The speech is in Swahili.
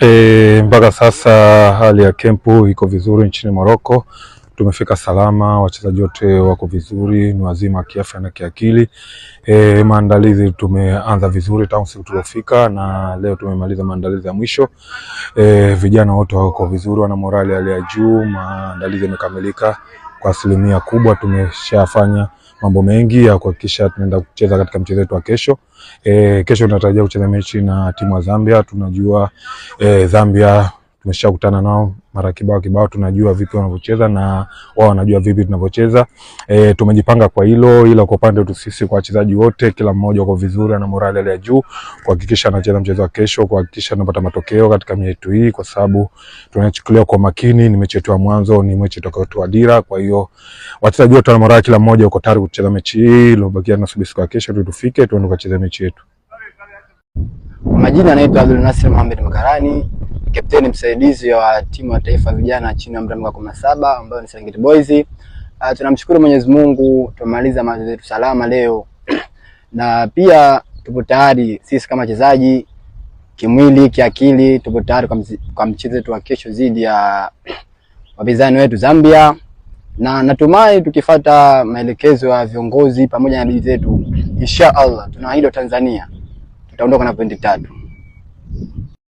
E, mpaka sasa hali ya kempu iko vizuri nchini Morocco. Tumefika salama, wachezaji wote wako vizuri, ni wazima kiafya na kiakili. E, maandalizi tumeanza vizuri tangu siku tuliofika na leo tumemaliza maandalizi ya mwisho. E, vijana wote wako vizuri, wana morali hali ya juu. Maandalizi yamekamilika kwa asilimia kubwa, tumeshafanya mambo mengi ya kuhakikisha tunaenda kucheza katika mchezo wetu wa kesho. E, kesho tunatarajia kucheza mechi na timu ya Zambia. Tunajua e, Zambia tumeshakutana nao mara kibao kibao, tunajua vipi wanavyocheza na wao wanajua vipi tunavyocheza. E, tumejipanga kwa hilo, ila kwa upande wetu sisi kwa wachezaji wote, kila mmoja uko vizuri, na morale ya juu kuhakikisha anacheza mchezo wa kesho, kuhakikisha anapata matokeo katika mechi yetu hii, kwa sababu tunachukulia kwa makini. Ni mechi yetu ya mwanzo, ni mechi tutakayotoa dira. Kwa hiyo wachezaji wote wana morale, kila mmoja uko tayari kucheza mechi hii. Ilobakia nasubiri siku ya kesho tu tufike, tuende kucheza mechi yetu. Majina anaitwa Abdul Nasir Mohamed Makarani kapteni msaidizi wa timu ya taifa vijana chini ya umri wa miaka kumi na saba ambayo ni Serengeti Boys. Uh, tunamshukuru Mwenyezi Mungu tumemaliza mazoezi yetu salama leo na pia tupo tayari sisi kama wachezaji kimwili, kiakili, tupo tayari kwa, kwa mchezo wetu wa kesho dhidi ya wapinzani wetu Zambia, na natumai tukifata maelekezo ya viongozi pamoja na bidii zetu, insha Allah tunaahidi Tanzania tutaondoka na pointi tatu.